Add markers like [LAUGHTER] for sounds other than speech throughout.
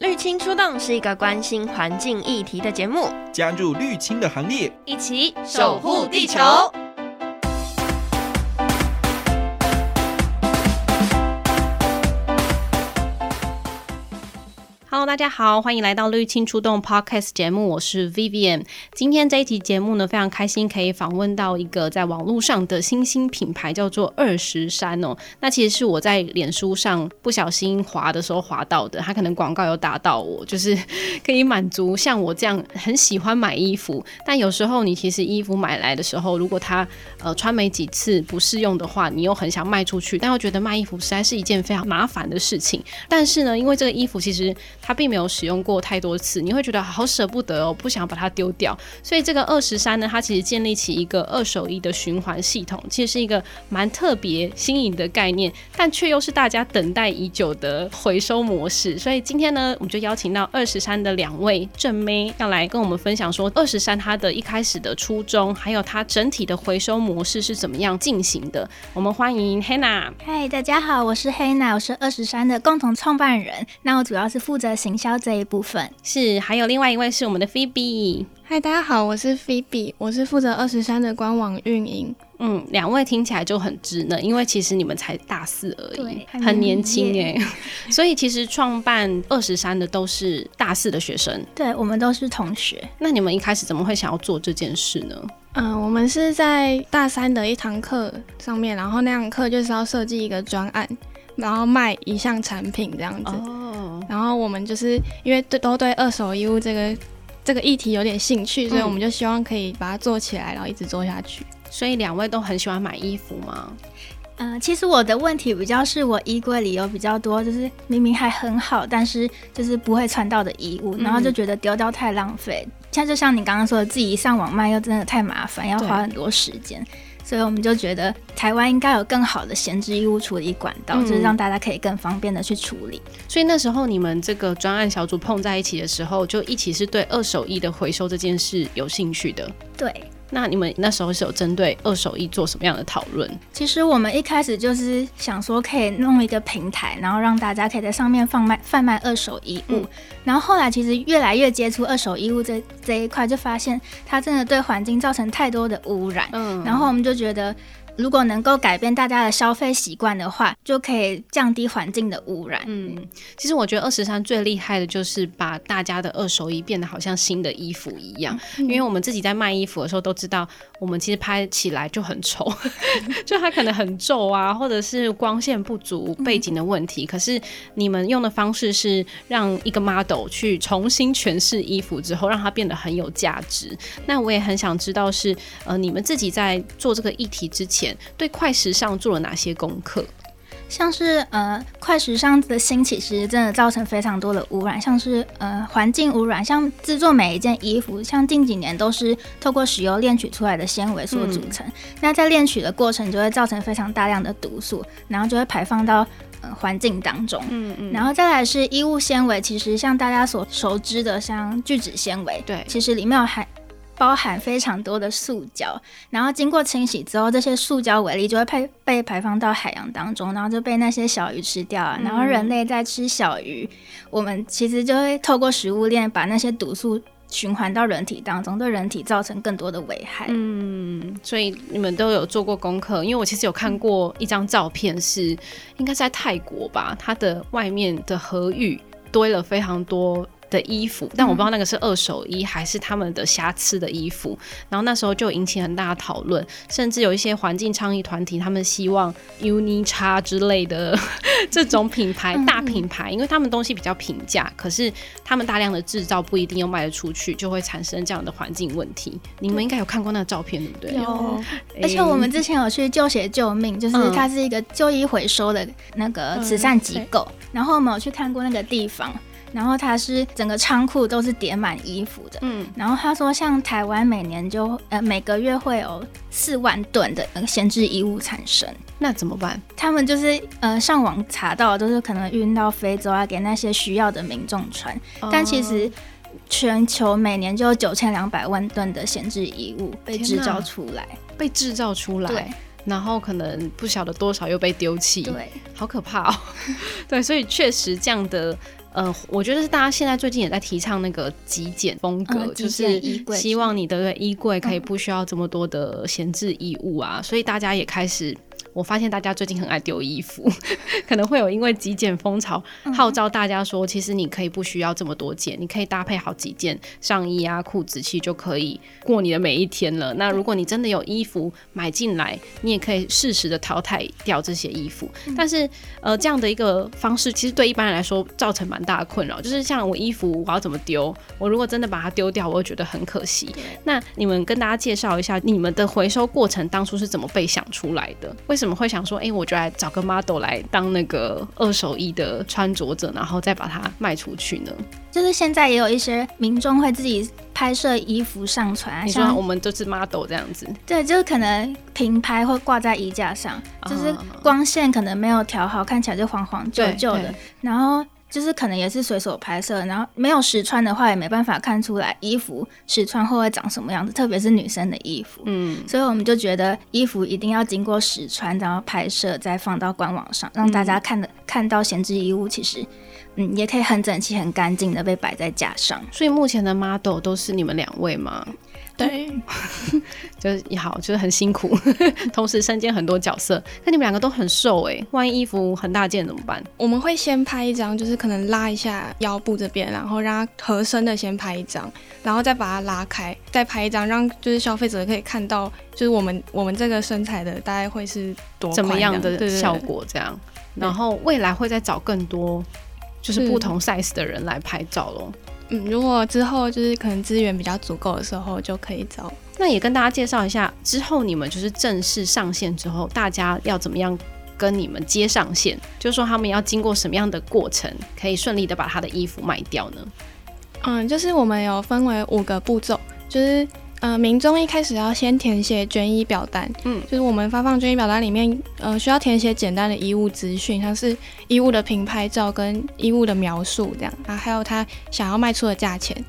綠青出動是一個關心環境議題的節目，加入綠青的行列，一起守護地球。大家好，歡迎來到綠青出動 Podcast 節目，我是 Vivian。今天這一期節目呢，非常開心可以訪問到一個在網絡上的新興品牌，叫做二拾衫哦。那其實是我在臉書上不小心滑的時候滑到的，它可能廣告有打到我，就是可以滿足像我這樣很喜歡買衣服，但有時候你其實衣服買來的時候，如果它呃穿沒幾次不適用的話，你又很想賣出去，但又覺得賣衣服實在是一件非常麻煩的事情。但是呢，因為這個衣服其實。它並沒有使用過太多次，你會覺得好捨不得哦，不想把它丟掉。所以這個二拾衫呢，它其實建立起一個二手衣的循環系統，其實是一個蠻特別新穎的概念，但卻又是大家等待已久的回收模式。所以今天呢，我們就邀請到二拾衫的兩位正妹要來跟我們分享，說二拾衫它的一開始的初衷，還有它整體的回收模式是怎麼樣進行的。我們歡迎 Hannah。嗨，大家好，我是 Hannah，我是二拾衫的共同創辦人。那我主要是負責。行銷這一部分是，還有另外一位是我們的 Phoebe。嗨，大家好，我是 Phoebe，我是負責二拾衫的官網運營。嗯，兩位聽起來就很稚嫩，因為其實你們才大四而已，對很年輕哎。Yeah. 所以其實創辦二拾衫的都是大四的學生。對，我們都是同學。那你們一開始怎麼會想要做這件事呢？嗯、呃，我們是在大三的一堂課上面，然後那堂課就是要設計一個專案，然後賣一項產品這樣子。Oh. 然後我們就是因為對都對二手衣物這個這個議題有點興趣，所以我們就希望可以把它做起來，然後一直做下去。嗯、所以兩位都很喜歡買衣服嗎？嗯、呃，其實我的問題比較是我衣櫃裡有比較多，就是明明還很好，但是就是不會穿到的衣物，然後就覺得丟掉太浪費。嗯、像就像你剛剛說的，自己一上網賣又真的太麻煩，要花很多時間。所以我們就覺得台灣應該有更好的閒置衣物處理管道，嗯、就是讓大家可以更方便的去處理。所以那時候你們這個專案小組碰在一起的時候，就一起是對二手衣的回收這件事有興趣的。對。那你們那時候是有針對二手衣做什麼樣的討論？其實我們一開始就是想說，可以弄一個平台，然後讓大家可以在上面放賣、販賣二手衣物。嗯、然後後來其實越來越接觸二手衣物這一這一塊，就發現它真的對環境造成太多的污染。嗯，然後我們就覺得。如果能夠改變大家的消費習慣的話，就可以降低環境的污染。嗯，其實我覺得二拾衫最厲害的就是把大家的二手衣變得好像新的衣服一樣。嗯、因為我們自己在賣衣服的時候都知道，我們其實拍起來就很醜，嗯、 [LAUGHS] 就它可能很皺啊，或者是光線不足、背景的問題。嗯、可是你們用的方式是讓一個 model 去重新詮釋衣服之後，讓它變得很有價值。那我也很想知道是呃，你們自己在做這個議題之前。對快時尚做了哪些功課？像是呃，快時尚的興起其實真的造成非常多的污染，像是呃，環境污染，像制作每一件衣服，像近幾年都是透過石油煉取出來的纖維所組成，嗯、那在煉取的過程就會造成非常大量的毒素，然後就會排放到呃環境當中。嗯嗯，然後再來是衣物纖維，其實像大家所熟知的像聚酯纖維，對，其實裡面有還包含非常多的塑膠，然後經過清洗之後，這些塑膠微粒就會被被排放到海洋當中，然後就被那些小魚吃掉啊，然後人類在吃小魚，嗯，我們其實就會透過食物鏈把那些毒素循環到人體當中，對人體造成更多的危害。嗯，所以你們都有做過功課，因為我其實有看過一張照片是，應是應該是在泰國吧，它的外面的河域堆了非常多。的衣服，但我不知道那個是二手衣還是他們的瑕疵的衣服。嗯、然後那時候就引起很大的討論，甚至有一些環境倡議團體，他們希望 u n i 叉之類的呵呵這種品牌大品牌，嗯、因為他們東西比較平價，可是他們大量的製造不一定又賣得出去，就會產生這樣的環境問題。對你們應該有看過那個照片，對不對？有。欸、而且我們之前有去舊鞋救命，就是它是一個舊衣回收的那個慈善機構，嗯、然後我們有去看過那個地方。然後他是整個倉庫都是疊滿衣服的，嗯。然後他說，像台灣每年就呃每個月會有四萬噸的閒置、呃、衣物產生，那怎麼辦？他們就是呃上網查到，都是可能運到非洲啊，給那些需要的民眾穿。嗯、但其實全球每年就有九千兩百萬噸的閒置衣物被制造出來，被制造出來，對對然後可能不曉得多少又被丟棄，對，好可怕哦， [LAUGHS] 對，所以確實這樣的。呃，我覺得是大家現在最近也在提倡那個極簡風格，嗯，就是、衣櫃就是希望你的衣櫃可以不需要這麼多的閒置衣物啊，嗯、所以大家也開始。我發現大家最近很愛丟衣服，可能會有因為極簡風潮，嗯、號召大家說，其實你可以不需要這麼多件，你可以搭配好幾件上衣啊，褲子其實就可以過你的每一天了。那如果你真的有衣服買進來，你也可以適時的淘汰掉這些衣服。嗯、但是，呃，這樣的一個方式其實對一般人來說造成蠻大的困擾，就是像我衣服我要怎麼丟？我如果真的把它丟掉，我會覺得很可惜。那你們跟大家介紹一下你們的回收過程，當初是怎麼被想出來的？為怎麼會想說，哎、欸，我就來找個 model 來當那個二手衣的穿着者，然後再把它賣出去呢？就是現在也有一些民眾會自己拍攝衣服上傳，你說像我們就是 model 這樣子，對，就是、可能平拍會掛在衣架上，嗯、就是光線可能沒有調好，看起來就黃黃舊舊的，然後。就是可能也是隨手拍攝，然後沒有實穿的話，也沒辦法看出來衣服實穿後會長什麼樣子，特別是女生的衣服。嗯，所以我們就覺得衣服一定要經過實穿，然後拍攝再放到官網上，讓大家看的、嗯、看到閒置衣物其實，嗯，也可以很整齊、很乾淨的被擺在架上。所以目前的 model 都是你們兩位嗎？對， [LAUGHS] 就是也好，就是很辛苦， [LAUGHS] 同時身兼很多角色。那你們兩個都很瘦哎、欸，萬一衣服很大件怎麼辦？我們會先拍一張，就是可能拉一下腰部這邊，然後讓它合身的先拍一張，然後再把它拉開，再拍一張，讓就是消費者可以看到，就是我們我們這個身材的大概會是多怎麼樣的效果這樣。對對對對，然後未來會再找更多就是不同 size 的人來拍照嘍。嗯，如果之後就是可能資源比較足夠的時候就可以走。那也跟大家介紹一下，之後你們就是正式上線之後，大家要怎麼樣跟你們接上線？就是說他們要經過什麼樣的過程，可以順利的把他的衣服賣掉呢？嗯，就是我們有分為五個步驟，就是呃，民眾一開始要先填寫捐衣表單，嗯，就是我們發放捐衣表單裡面，呃，需要填寫簡單的衣物資訊，像是衣物的品牌照跟衣物的描述這樣，然後還有他想要賣出的價錢，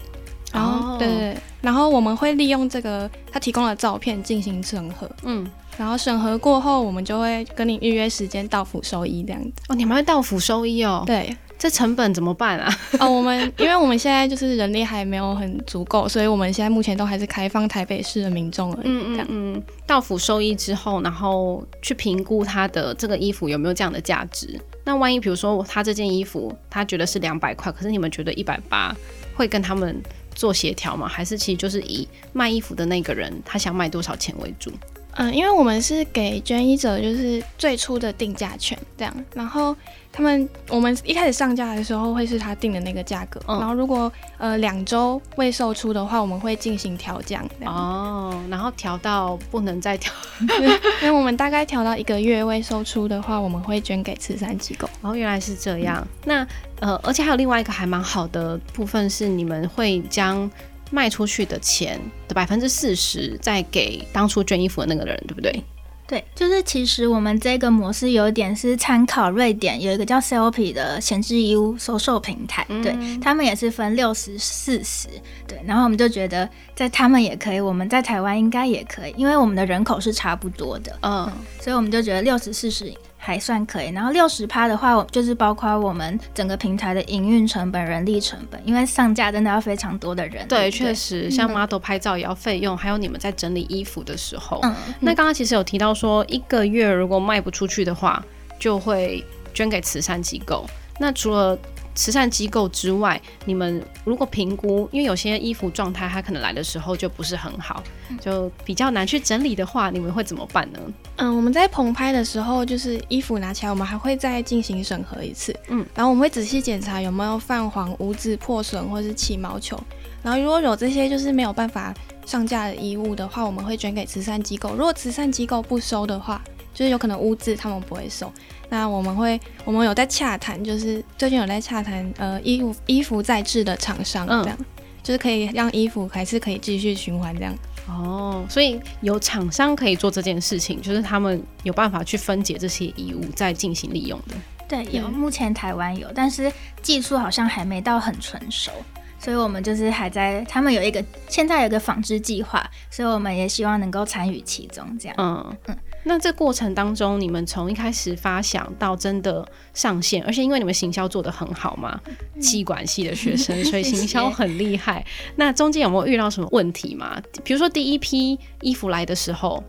然後、哦、對，對對，然後我們會利用這個他提供的照片進行審核，嗯，然後審核過後，我們就會跟你預約時間到府收衣這樣子。哦，你們會到府收衣哦？對。這成本怎麼辦啊？啊、哦，我們因為我們現在就是人力還沒有很足夠， [LAUGHS] 所以我們現在目前都還是開放台北市的民眾而已。嗯嗯嗯，到、嗯嗯、府收益之後，然後去評估他的這個衣服有沒有這樣的價值。那萬一比如說他這件衣服他覺得是兩百塊，可是你們覺得一百八，會跟他們做協調嗎？還是其實就是以賣衣服的那個人他想賣多少錢為主？嗯，因為我們是給捐衣者，就是最初的定價權這樣，然後他們我們一開始上架的時候會是他定的那個價格，嗯、然後如果呃兩週未售出的話，我們會進行調降哦，然後調到不能再調， [LAUGHS] 因為我們大概調到一個月未售出的話，我們會捐給慈善機構。然後、哦、原來是這樣，嗯、那呃，而且還有另外一個還蠻好的部分是，你們會將。賣出去的錢的百分之四十再給當初捐衣服的那個的人，對不對？對，就是其實我們這個模式有點是參考瑞典有一個叫 Sellpy 的閒置衣物銷售平台，嗯、對他們也是分六十四十，對，然後我們就覺得在他們也可以，我們在台灣應該也可以，因為我們的人口是差不多的，嗯，嗯，所以我們就覺得六十四十。還算可以，然後六十趴的話，就是包括我們整個平台的營運成本、人力成本，因為上架真的要非常多的人，啊。對，確對實，像 model 拍照也要費用，嗯、還有你們在整理衣服的時候，嗯、那剛剛其實有提到說，一個月如果賣不出去的話，就會捐給慈善機構。那除了慈善機構之外，你們如果評估，因為有些衣服狀態它可能來的時候就不是很好，就比較難去整理的話，你們會怎麼辦呢？嗯，我們在棚拍的時候，就是衣服拿起來，我們還會再進行審核一次。嗯，然後我們會仔細檢查有沒有泛黃、污漬、破損或是起毛球。然後如果有這些就是沒有辦法上架的衣物的話，我們會捐給慈善機構。如果慈善機構不收的話，就是有可能污漬他們不會收，那我們會，我們有在洽談，就是最近有在洽談，呃，衣服衣服再製的廠商這樣，嗯、就是可以讓衣服還是可以繼續循環這樣。哦，所以有廠商可以做這件事情，就是他們有辦法去分解這些衣物再進行利用的。對，有，嗯、目前台灣有，但是技術好像還沒到很純熟，所以我們就是還在，他們有一個現在有個紡織計劃，所以我們也希望能夠參與其中這樣。嗯嗯。嗯那這過程當中，你們從一開始發想到真的上線，而且因為你們行銷做得很好嘛，企管系的學生，所以行銷很厲害。 [LAUGHS] 謝謝。那中間有沒有遇到什麼問題嗎？比如說第一批衣服來的時候，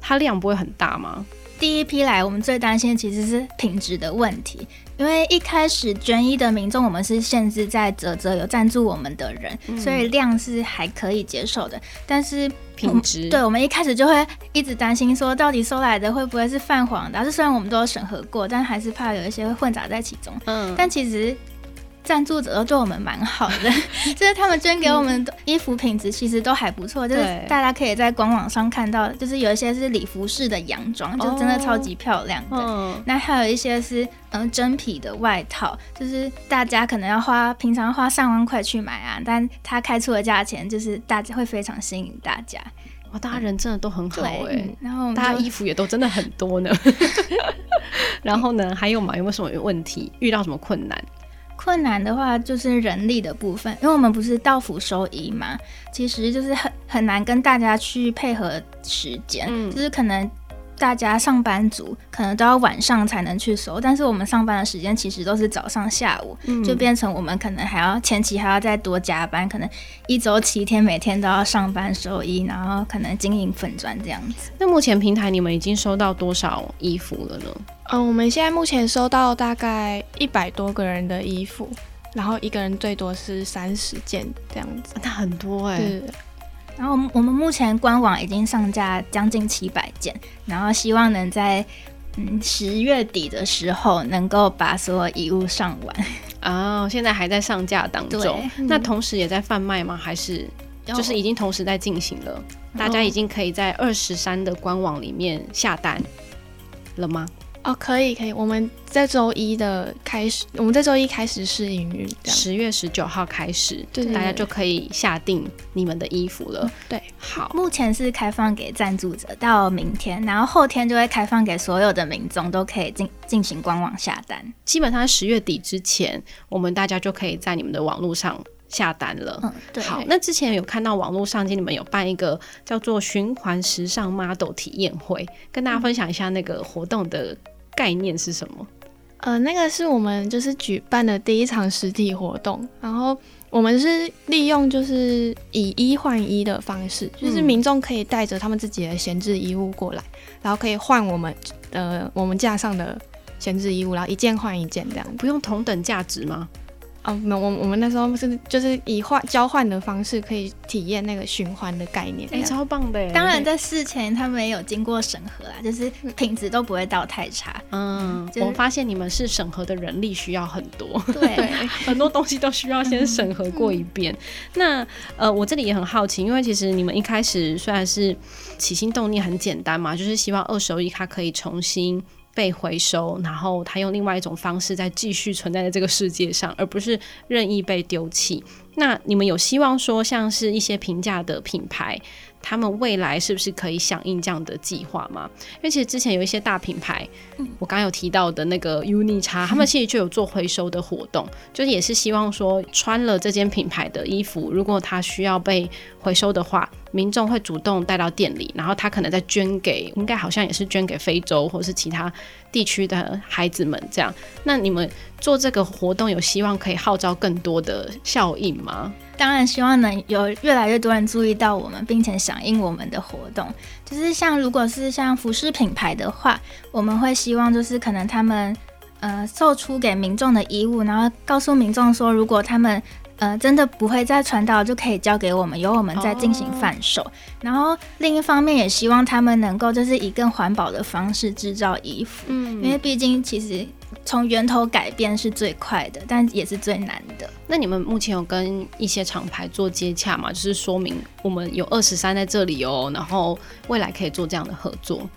它量不會很大嗎？第一批來，我們最擔心的其實是品質的問題，因為一開始捐衣的民眾，我們是限制在嘖嘖有贊助我們的人，嗯、所以量是還可以接受的。但是品質，對我們一開始就會一直擔心說，到底收來的會不會是泛黃的、啊？這雖然我們都有審核過，但還是怕有一些會混雜在其中。嗯，但其實。贊助者都對我們蠻好的， [LAUGHS] 就是他們捐給我們的衣服品質其實都還不錯，對就是大家可以在官網上看到，就是有一些是禮服式的洋裝，哦、就真的超級漂亮的。哦、那還有一些是嗯真皮的外套，就是大家可能要花平常花上萬塊去買啊，但他開出的價錢就是大家會非常吸引大家。哇、哦，大家人真的都很好哎、欸嗯嗯，然後大家衣服也都真的很多呢。 [LAUGHS] [LAUGHS] 然後呢，還有嗎？有沒有什麼問題？遇到什麼困難？困難的話就是人力的部分，因為我們不是到府收衣嘛，其實就是很很難跟大家去配合時間，嗯、就是可能。大家上班族可能都要晚上才能去收，但是我們上班的時間其實都是早上、下午，嗯、就變成我們可能還要前期還要再多加班，可能一周七天每天都要上班收衣，然後可能經營粉專這樣子。那目前平台你們已經收到多少衣服了呢？嗯、哦，我們現在目前收到大概一百多個人的衣服，然後一個人最多是三十件這樣子，那、啊、很多哎、欸。然後我們目前官網已經上架將近七百件，然後希望能在嗯十月底的時候能夠把所有衣物上完哦，現在還在上架當中，嗯、那同時也在販賣嗎？還是就是已經同時在進行了？有大家已經可以在二拾衫的官網裡面下單了嗎？哦，可以可以，我們在周一的開始，我們在周一開始試營運，十月十九號開始，對對對對，大家就可以下定你們的衣服了。哦、對，好，目前是開放給贊助者到明天，然後後天就會開放給所有的民眾都可以進進行官網下單。基本上十月底之前，我們大家就可以在你們的網絡上下單了。嗯，對。好，那之前有看到網絡上，今天你們有辦一個叫做“循環時尚 model 體驗會”，跟大家分享一下那個活動的。概念是什麼？呃，那個是我們就是舉辦的第一場實體活動，然後我們是利用就是以一換一的方式，就是民眾可以帶着他們自己的閒置衣物過來，然後可以換我們呃我們架上的閒置衣物，然後一件換一件這樣，不用同等價值嗎？哦，那、啊、我們我們那時候是就是以換交換的方式，可以體驗那個循環的概念，哎、欸，超棒的！當然，在事前他們也有經過審核啊，就是品質都不會到太差。嗯，就是、我發現你們是審核的人力需要很多，對， [LAUGHS] 很多東西都需要先審核過一遍。嗯、那呃，我這裡也很好奇，因為其實你們一開始雖然是起心動念很簡單嘛，就是希望二手衣它可以重新。被回收，然後他用另外一種方式再繼續存在在這個世界上，而不是任意被丟棄。那你們有希望說，像是一些平價的品牌，他們未來是不是可以響應這樣的計劃嗎？因為其實之前有一些大品牌，我剛剛有提到的那個 Uniqlo，他們其實就有做回收的活動，就是也是希望說，穿了這件品牌的衣服，如果他需要被回收的話，民眾會主動帶到店裡，然後他可能再捐給，應該好像也是捐給非洲或是其他地區的孩子們這樣。那你們做這個活動有希望可以號召更多的效應嗎？當然，希望能有越來越多人注意到我們，並且響應我們的活動。就是像如果是像服飾品牌的話，我們會希望就是可能他們，呃，售出給民眾的衣物，然後告訴民眾說，如果他們。呃，真的不會再穿到，就可以交給我們，由我們再進行販售。Oh. 然後另一方面，也希望他們能夠就是以更環保的方式制造衣服，嗯、因為畢竟其實從源頭改變是最快的，但也是最難的。那你們目前有跟一些廠牌做接洽嗎？就是說明我們有二拾衫在這裡哦、喔，然後未來可以做這樣的合作。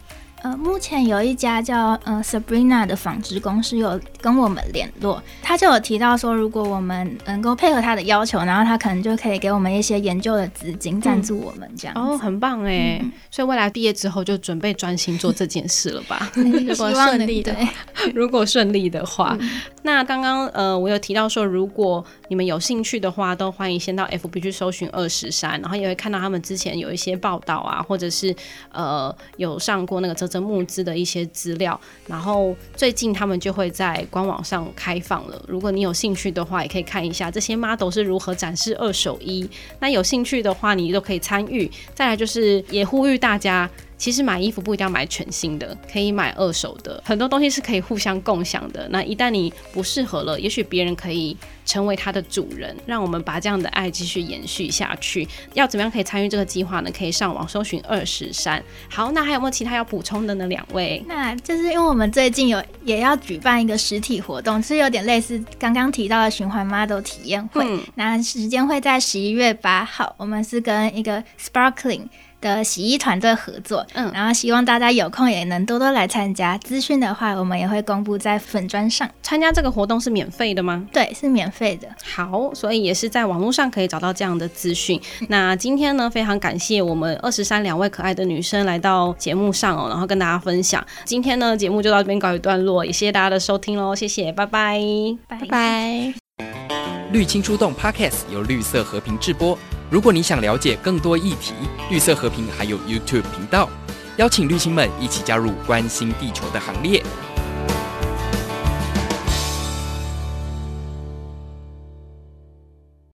呃，目前有一家叫呃 Sabrina 的紡織公司有跟我們聯絡，他就有提到說，如果我們能夠配合他的要求，然後他可能就可以給我們一些研究的資金贊助我們、嗯、這樣子。哦，很棒耶！嗯、所以未來畢業之後就準備專心做這件事了吧？ [LAUGHS] [LAUGHS] 如果順利， [LAUGHS] 對， [LAUGHS] 如果順利的話，嗯、那剛剛呃，我有提到說，如果。你們有興趣的話，都歡迎先到 FB 去搜尋二拾衫，然後也會看到他們之前有一些報道啊，或者是呃有上過那個這這募資的一些資料，然後最近他們就會在官網上開放了。如果你有興趣的話，也可以看一下這些 model 是如何展示二手衣。那有興趣的話，你都可以參與。再來就是也呼籲大家。其實買衣服不一定要買全新的，可以買二手的。很多東西是可以互相共享的。那一旦你不適合了，也許別人可以成為它的主人。讓我們把這樣的愛繼續延續下去。要怎麼樣可以參與這個計劃呢？可以上網搜尋二拾衫。好，那還有沒有其他要補充的呢？兩位，那就是因為我們最近有也要舉辦一個實體活動，是有點類似剛剛提到的循環 model 體驗會。嗯，那時間會在十一月八號。我們是跟一個 Sparkling。的洗衣團隊合作，嗯，然後希望大家有空也能多多來參加。資訊的話，我們也會公布在粉專上。參加這個活動是免費的嗎？對，是免費的。好，所以也是在網絡上可以找到這樣的資訊。 [LAUGHS] 那今天呢，非常感謝我們二拾衫兩位可愛的女生來到節目上哦，然後跟大家分享。今天呢，節目就到這邊告一段落，也謝謝大家的收聽嘍，謝謝，拜拜，拜拜。綠青出動 Podcast 由綠色和平製播。如果你想了解更多議題，綠色和平還有 YouTube 頻道，邀請綠星們一起加入關心地球的行列。